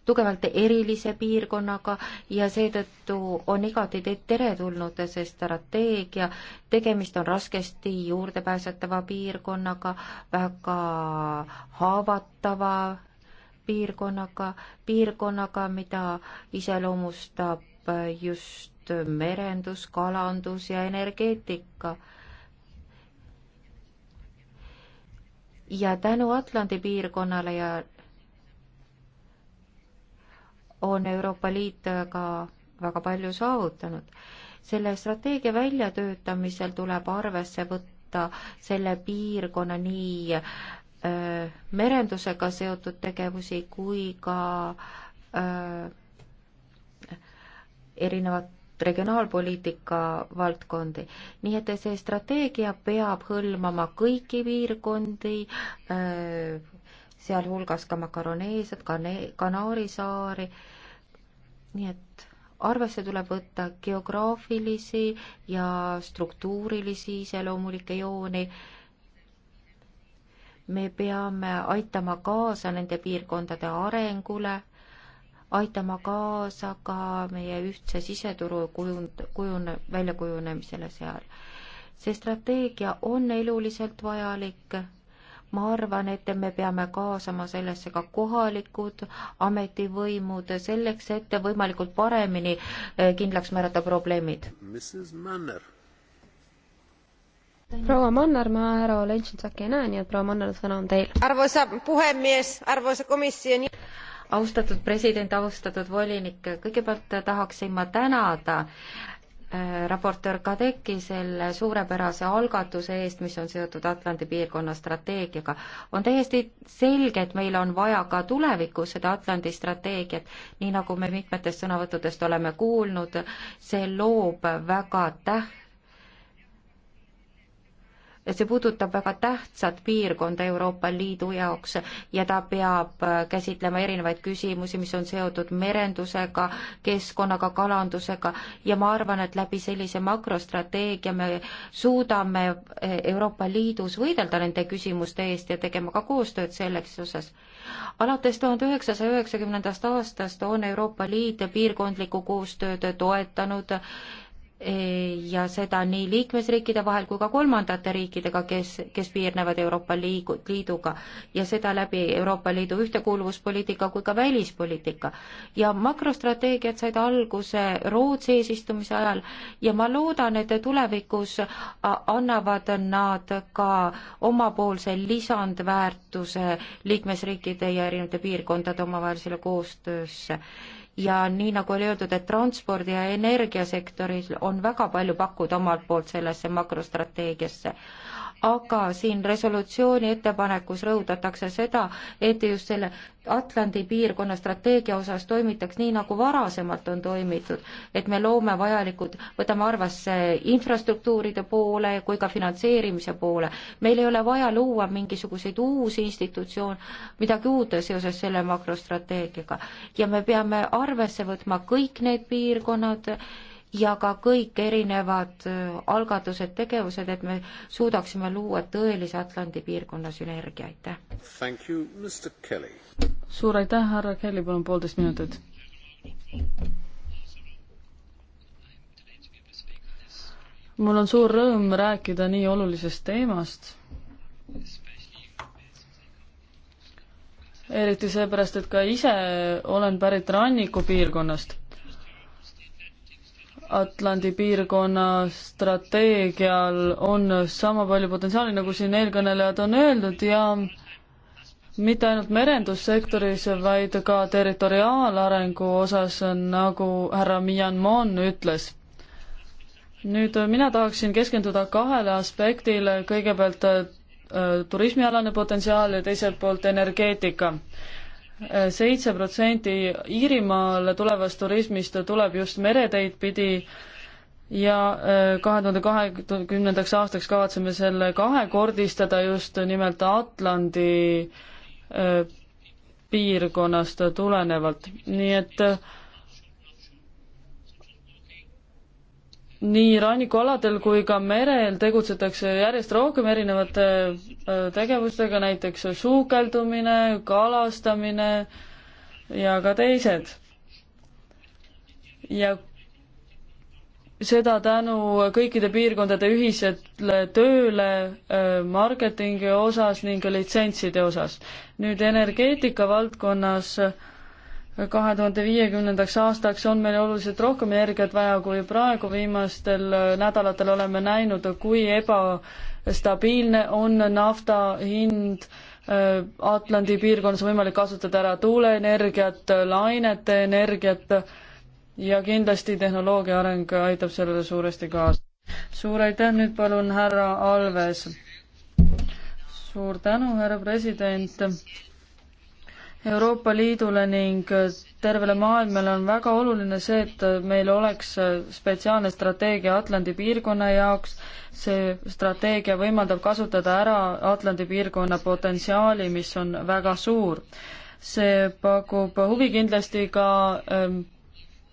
tugevalt erilise piirkonnaga ja seetõttu on igati teretulnud see strateegia. tegemist on raskesti juurdepääsetava piirkonnaga, väga haavatava piirkonnaga, piirkonnaga, mida iseloomustab just merendus, kalandus ja energeetika. ja tänu Atlandi piirkonnale ja on Euroopa Liit ka väga palju saavutanud. selle strateegia väljatöötamisel tuleb arvesse võtta selle piirkonna nii öö, merendusega seotud tegevusi kui ka öö, erinevat regionaalpoliitika valdkondi. nii et see strateegia peab hõlmama kõiki piirkondi, sealhulgas ka Makaroneesiat, Kanaari saari nii et arvesse tuleb võtta geograafilisi ja struktuurilisi iseloomulikke jooni. me peame aitama kaasa nende piirkondade arengule, aitama kaasa ka meie ühtse siseturu kujund, kujun-, väljakujunemisele seal. see strateegia on eluliselt vajalik ma arvan, et me peame kaasama sellesse ka kohalikud ametivõimud selleks, et võimalikult paremini eh, kindlaks määrata probleemid. proua Manner, ma härra Olenšitsaki ei näe, nii et proua Manner, sõna on teil. arvoisa puhemees, arvoisa komisjoni austatud president, austatud volinik, kõigepealt tahaksin ma tänada äh, raportöör Kadeki selle suurepärase algatuse eest, mis on seotud Atlandi piirkonna strateegiaga. on täiesti selge, et meil on vaja ka tulevikus seda Atlandi strateegiat, nii nagu me mitmetest sõnavõttudest oleme kuulnud, see loob väga täht-, see puudutab väga tähtsat piirkonda Euroopa Liidu jaoks ja ta peab äh, käsitlema erinevaid küsimusi, mis on seotud merendusega, keskkonnaga, kalandusega ja ma arvan, et läbi sellise makrostrateegia me suudame äh, Euroopa Liidus võidelda nende küsimuste eest ja tegema ka koostööd selleks osas. alates tuhande üheksasaja üheksakümnendast aastast on Euroopa Liit piirkondlikku koostööd toetanud Eh, ja seda nii liikmesriikide vahel kui ka kolmandate riikidega, kes, kes piirnevad Euroopa Liigu, Liiduga ja seda läbi Euroopa Liidu ühtekuuluvuspoliitika kui ka välispoliitika. ja makrostrateegiad said alguse Rootsi eesistumise ajal ja ma loodan, et tulevikus annavad nad ka omapoolse lisandväärtuse liikmesriikide ja erinevate piirkondade omavahelisele koostöösse ja nii, nagu oli öeldud, et transpordi ja energiasektoris on väga palju pakkuda omalt poolt sellesse makrostrateegiasse aga siin resolutsiooni ettepanekus rõhutatakse seda, et just selle Atlandi piirkonna strateegia osas toimitaks nii, nagu varasemalt on toimitud, et me loome vajalikud, võtame arvesse infrastruktuuride poole kui ka finantseerimise poole. meil ei ole vaja luua mingisuguseid uusi institutsioone, midagi uut seoses selle makrostrateegiaga ja me peame arvesse võtma kõik need piirkonnad, ja ka kõik erinevad äh, algatused, tegevused, et me suudaksime luua tõelise Atlandi piirkonna sünergia, aitäh! suur aitäh, härra Kelly, palun poolteist minutit. mul on suur rõõm rääkida nii olulisest teemast, eriti seepärast, et ka ise olen pärit rannikupiirkonnast Atlandi piirkonna strateegial on sama palju potentsiaali, nagu siin eelkõnelejad on öeldud ja mitte ainult merendussektoris, vaid ka territoriaalarengu osas, nagu härra Mian Mon ütles. nüüd mina tahaksin keskenduda kahele aspektile, kõigepealt äh, turismialane potentsiaal ja teiselt poolt energeetika seitse protsenti Iirimaale tulevast turismist tuleb just mereteid pidi ja äh, kahe tuhande kahekümnendaks aastaks kavatseme selle kahekordistada just nimelt Atlandi äh, piirkonnast tulenevalt, nii et äh, nii rannikualadel kui ka merel tegutsetakse järjest rohkem erinevate äh, tegevustega, näiteks suukeldumine, kalastamine ja ka teised. ja seda tänu kõikide piirkondade ühisele tööle äh, marketingi osas ning litsentside osas. nüüd energeetika valdkonnas äh, kahe tuhande viiekümnendaks aastaks on meil oluliselt rohkem energiat vaja kui praegu, viimastel nädalatel oleme näinud, kui ebastabiilne on nafta hind. Äh, Atlandi piirkonnas on võimalik kasutada ära tuuleenergiat, lainete energiat ja kindlasti tehnoloogia areng aitab sellele suuresti kaasa. suur aitäh, nüüd palun härra Alves. suur tänu, härra president Euroopa Liidule ning tervele maailmale on väga oluline see, et meil oleks spetsiaalne strateegia Atlandi piirkonna jaoks. see strateegia võimaldab kasutada ära Atlandi piirkonna potentsiaali, mis on väga suur. see pakub huvi kindlasti ka ähm,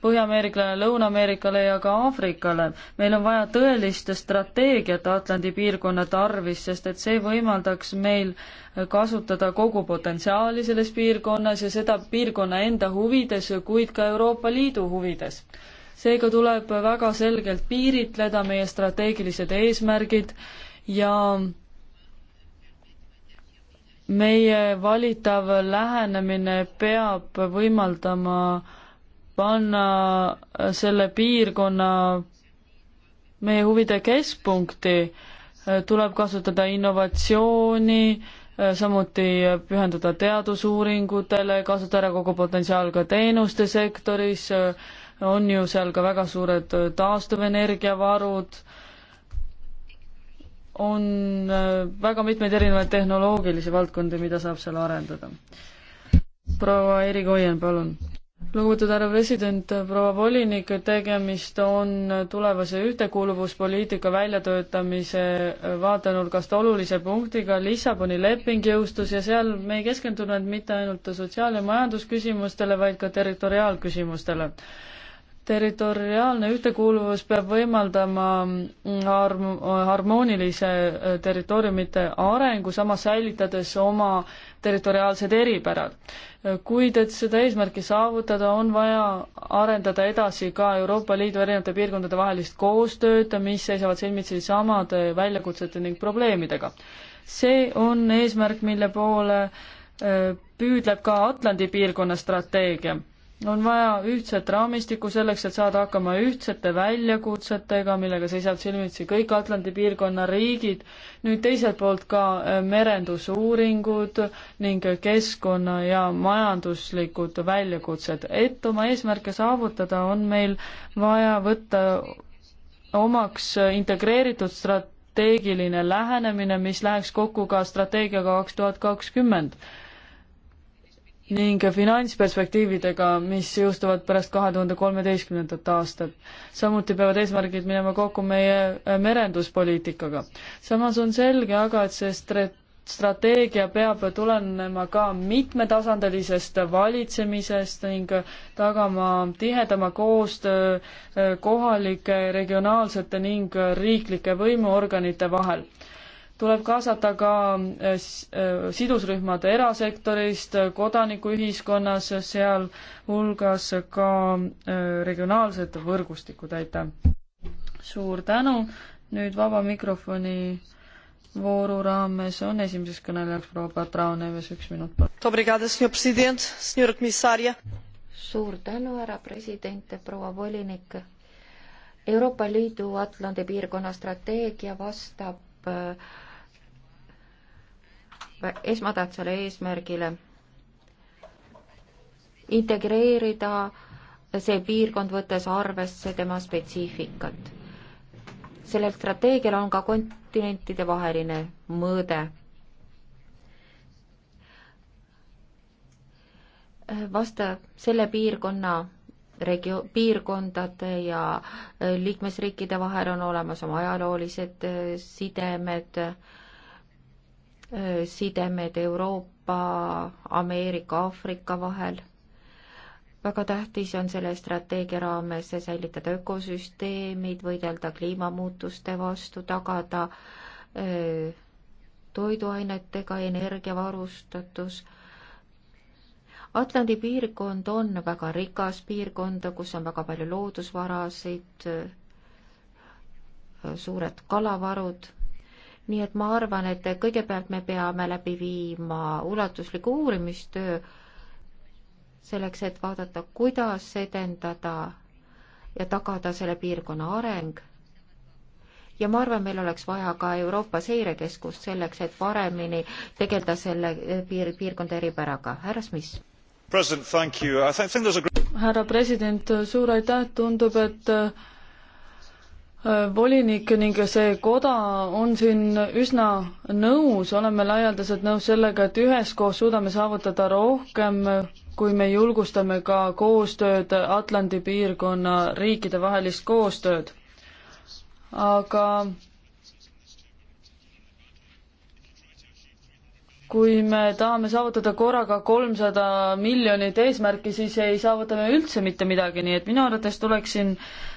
Põhja-Ameerikale, Lõuna-Ameerikale ja ka Aafrikale. meil on vaja tõelist strateegiat Atlandi piirkonna tarvis, sest et see võimaldaks meil kasutada kogu potentsiaali selles piirkonnas ja seda piirkonna enda huvides, kuid ka Euroopa Liidu huvides. seega tuleb väga selgelt piiritleda meie strateegilised eesmärgid ja meie valitav lähenemine peab võimaldama äh, panna selle piirkonna meie huvide keskpunkti, tuleb kasutada innovatsiooni, samuti pühenduda teadusuuringutele, kasutada ära kogu potentsiaal ka teenuste sektoris, on ju seal ka väga suured taastuvenergiavarud, on väga mitmeid erinevaid tehnoloogilisi valdkondi, mida saab seal arendada. proua Eri Koien, palun lugupeetud härra president, proua volinik, tegemist on tulevase ühtekuuluvuspoliitika väljatöötamise vaatenurgast olulise punktiga. Lissaboni leping jõustus ja seal me ei keskendunud mitte ainult sotsiaal- ja majandusküsimustele, vaid ka territoriaalküsimustele territoriaalne ühtekuuluvus peab võimaldama harm-, harmoonilise äh, territooriumite arengu, samas säilitades oma territoriaalsed eripärad. Äh, kuid et seda eesmärki saavutada, on vaja arendada edasi ka Euroopa Liidu erinevate piirkondade vahelist koostööd, mis seisavad silmitsi samade väljakutsete ning probleemidega. see on eesmärk, mille poole äh, püüdleb ka Atlandi piirkonna strateegia on vaja ühtset raamistikku selleks, et saada hakkama ühtsete väljakutsetega, millega seisavad silmitsi kõik Atlandi piirkonna riigid, nüüd teiselt poolt ka äh, merendusuuringud ning keskkonna ja majanduslikud väljakutsed. et oma eesmärke saavutada, on meil vaja võtta omaks integreeritud strateegiline lähenemine, mis läheks kokku ka strateegiaga kaks tuhat kakskümmend ning finantsperspektiividega, mis jõustuvad pärast kahe tuhande kolmeteistkümnendat aastat. samuti peavad eesmärgid minema kokku meie äh, merenduspoliitikaga. samas on selge aga, et see strate-, strateegia peab tulenema ka mitmetasandilisest valitsemisest ning tagama tihedama koostöö äh, kohalike, regionaalsete ning riiklike võimuorganite vahel tuleb kaasata ka äh, äh, sidusrühmad erasektorist, äh, kodanikuühiskonnas, sealhulgas ka regionaalsed võrgustikud, aitäh! suur tänu, nüüd vaba mikrofoni vooru raames on esimeseks kõnelejaks proua Patrao Neves, üks minut palun. suur tänu, härra president, proua volinik. Euroopa Liidu Atlandi piirkonna strateegia vastab äh, esmatähtsale eesmärgile integreerida see piirkond, võttes arvesse tema spetsiifikat. sellel strateegial on ka kontinentide vaheline mõõde. vasta selle piirkonna regio-, piirkondade ja äh, liikmesriikide vahel on olemas oma ajaloolised äh, sidemed äh,, sidemed Euroopa, Ameerika, Aafrika vahel. väga tähtis on selle strateegia raames säilitada ökosüsteemid, võidelda kliimamuutuste vastu, tagada toiduainetega energiavarustatus. Atlandi piirkond on väga rikas piirkond, kus on väga palju loodusvarasid, suured kalavarud nii et ma arvan, et kõigepealt me peame läbi viima ulatusliku uurimistöö selleks, et vaadata, kuidas edendada ja tagada selle piirkonna areng. ja ma arvan, meil oleks vaja ka Euroopa Seirekeskust selleks, et paremini tegeleda selle piir, piirkonda eripäraga. härra Smith. härra president, suur aitäh, tundub, et volinik ning see koda on siin üsna nõus, oleme laialdaselt nõus sellega, et üheskoos suudame saavutada rohkem, kui me julgustame ka koostööd Atlandi piirkonna riikide vahelist koostööd. aga kui me tahame saavutada korraga kolmsada miljonit eesmärki, siis ei saavuta me üldse mitte midagi, nii et minu arvates tuleks siin äh,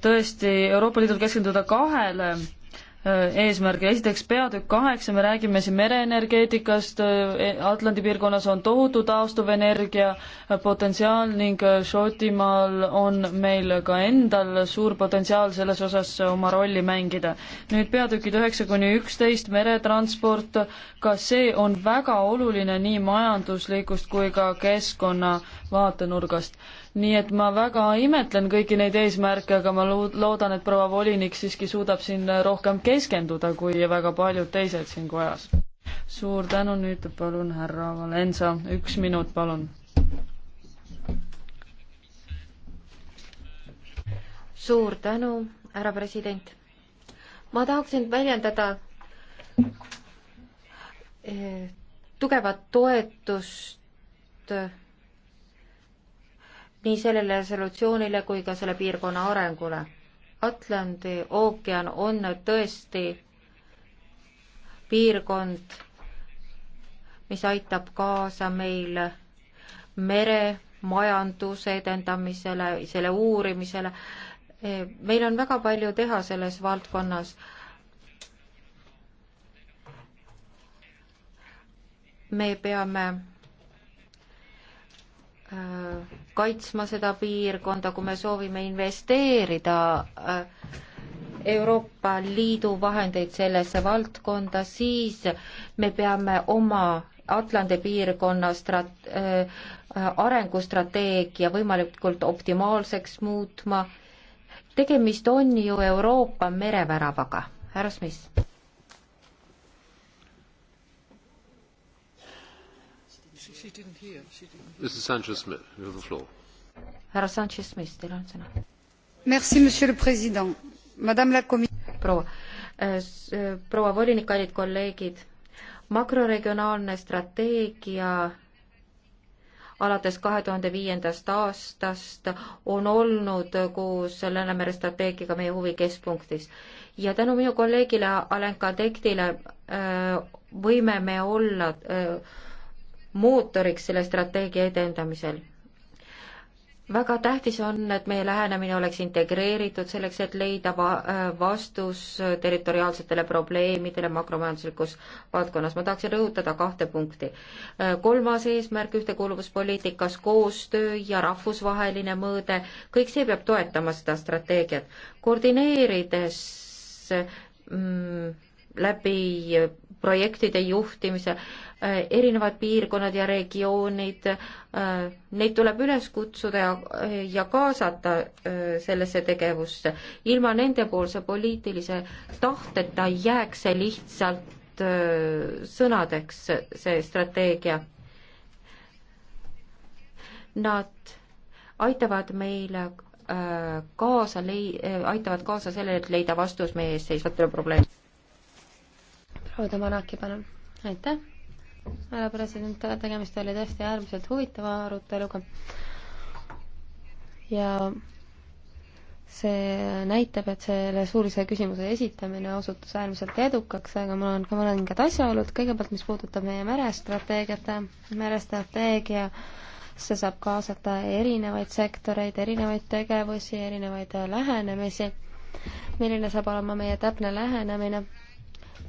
tõesti Euroopa Liidul keskenduda kahele äh, eesmärgile, esiteks peatükk kaheksa, me räägime siin mereenergeetikast, äh, Atlandi piirkonnas on tohutu taastuvenergia äh, potentsiaal ning Šotimaal on meil ka endal suur potentsiaal selles osas oma rolli mängida. nüüd peatükid üheksa kuni üksteist, meretransport, ka see on väga oluline nii majanduslikust kui ka keskkonna vaatenurgast nii et ma väga imetlen kõiki neid eesmärke, aga ma loodan, et proua volinik siiski suudab siin rohkem keskenduda kui väga paljud teised siin kojas. suur tänu, nüüd palun härra Valensa, üks minut, palun. suur tänu, härra president. ma tahaksin väljendada eh, tugevat toetust eh, nii sellele resolutsioonile kui ka selle piirkonna arengule. Atlandi ookean on tõesti piirkond, mis aitab kaasa meil meremajanduse edendamisele, selle uurimisele. meil on väga palju teha selles valdkonnas me peame kaitsma seda piirkonda, kui me soovime investeerida äh, Euroopa Liidu vahendeid sellesse valdkonda, siis me peame oma Atlandi piirkonna strat-, äh, arengustrateegia võimalikult optimaalseks muutma. tegemist on ju Euroopa mereväravaga. härra Smith. härra Sanchez Smith, teil on sõna. Merci, monsieur le president, madame la comi-. proua, äh, äh, proua volinik, kallid kolleegid, makroregionaalne strateegia alates kahe tuhande viiendast aastast on olnud koos Läänemere strateegiaga meie huvi keskpunktis. ja tänu minu kolleegile Alenka Tektile äh, võime me olla öö, mootoriks selle strateegia edendamisel väga tähtis on, et meie lähenemine oleks integreeritud selleks, et leida va-, vastus territoriaalsetele probleemidele makromajanduslikus valdkonnas. ma tahaksin rõhutada kahte punkti. kolmas eesmärk ühtekuuluvuspoliitikas, koostöö ja rahvusvaheline mõõde, kõik see peab toetama seda strateegiat. koordineerides mm, läbi projektide juhtimise, äh, erinevad piirkonnad ja regioonid, äh, neid tuleb üles kutsuda ja, ja kaasata äh, sellesse tegevusse. ilma nendepoolse poliitilise tahteta jääks see lihtsalt sõnadeks, see strateegia. Nad aitavad meile kaasa lei-, aitavad kaasa sellele, et leida vastus meie ees seisvatele probleemidele proua Tamanaki, palun. aitäh, härra president, tegemist oli tõesti äärmiselt huvitava aruteluga. ja see näitab, et selle suulise küsimuse esitamine osutus äärmiselt edukaks, aga mul on ka mõningad asjaolud, kõigepealt mis puudutab meie merestrateegiat, merestrateegia see saab kaasata erinevaid sektoreid, erinevaid tegevusi, erinevaid lähenemisi. milline saab olema meie täpne lähenemine?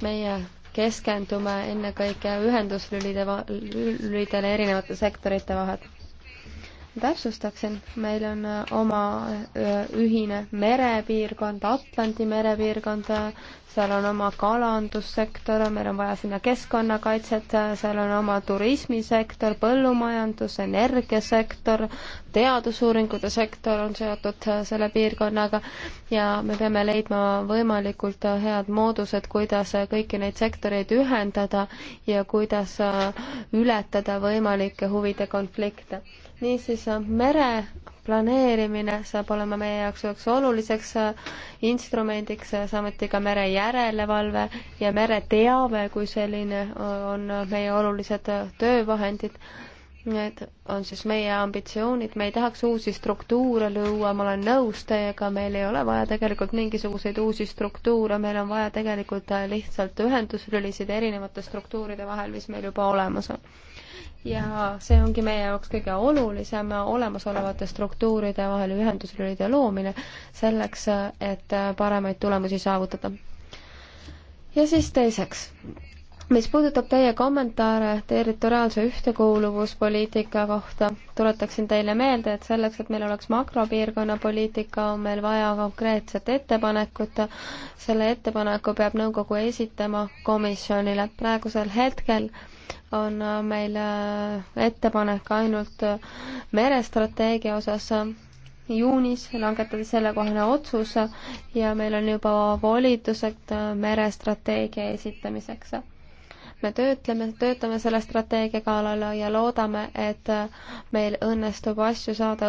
meie keskendume ennekõike ühenduslülidele erinevate sektorite vahel täpsustaksin, meil on äh, oma äh, ühine merepiirkond, Atlandi merepiirkond, äh, seal on oma kalandussektor, meil on vaja sinna keskkonnakaitset, seal on oma turismisektor, põllumajandus, energiasektor, teadusuuringute sektor on seotud selle piirkonnaga ja me peame leidma võimalikult head moodused, kuidas kõiki neid sektoreid ühendada ja kuidas ületada võimalikke huvide konflikte niisiis, äh, mere planeerimine saab olema meie jaoks üheks oluliseks äh, instrumendiks, äh, samuti ka mere järelevalve ja mereteave kui selline on meie olulised töövahendid. Need on siis meie ambitsioonid, me ei tahaks uusi struktuure luua, ma olen nõus teiega, meil ei ole vaja tegelikult mingisuguseid uusi struktuure, meil on vaja tegelikult lihtsalt ühenduslülisid erinevate struktuuride vahel, mis meil juba olemas on ja see ongi meie jaoks kõige olulisem olemasolevate struktuuride vahel ühenduslülide loomine selleks, et paremaid tulemusi saavutada. ja siis teiseks, mis puudutab teie kommentaare territoriaalse ühtekuuluvuspoliitika kohta, tuletaksin teile meelde, et selleks, et meil oleks makropiirkonna poliitika, on meil vaja konkreetset ettepanekut. selle ettepaneku peab nõukogu esitama komisjonile. praegusel hetkel on äh, meil äh, ettepanek ainult äh, merestrateegia osas juunis langetada sellekohane otsus ja meil on juba volitused merestrateegia esitamiseks. me töötleme, töötame selle strateegia kallal ja loodame, et meil õnnestub asju saada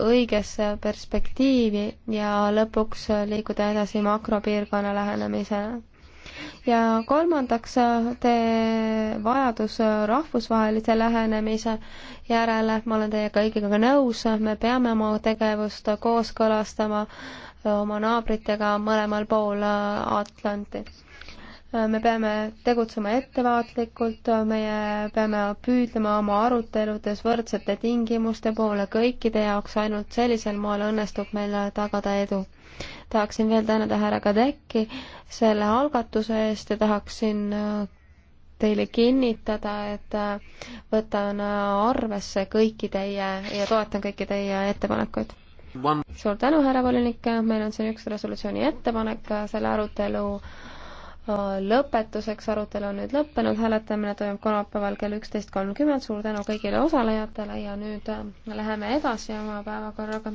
õigesse perspektiivi ja lõpuks liikuda edasi makropiirkonna lähenemisena ja kolmandaks teie vajadus rahvusvahelise lähenemise järele, ma olen teie kõigiga nõus, me peame oma tegevust kooskõlastama oma naabritega mõlemal pool Atlandit me peame tegutsema ettevaatlikult, meie peame püüdlema oma aruteludes võrdsete tingimuste poole kõikide jaoks, ainult sellisel moel õnnestub meil tagada edu. tahaksin veel tänada härra Kadeki selle algatuse eest ja tahaksin äh, teile kinnitada, et äh, võtan äh, arvesse kõiki teie ja toetan kõiki teie ettepanekuid. suur tänu, härra volinik, meil on siin üks resolutsiooni ettepanek selle arutelu Äh, lõpetuseks, arutelu on nüüd lõppenud, hääletamine toimub kolmapäeval kell üksteist kolmkümmend, suur tänu kõigile osalejatele ja nüüd äh, läheme edasi oma päevakorraga.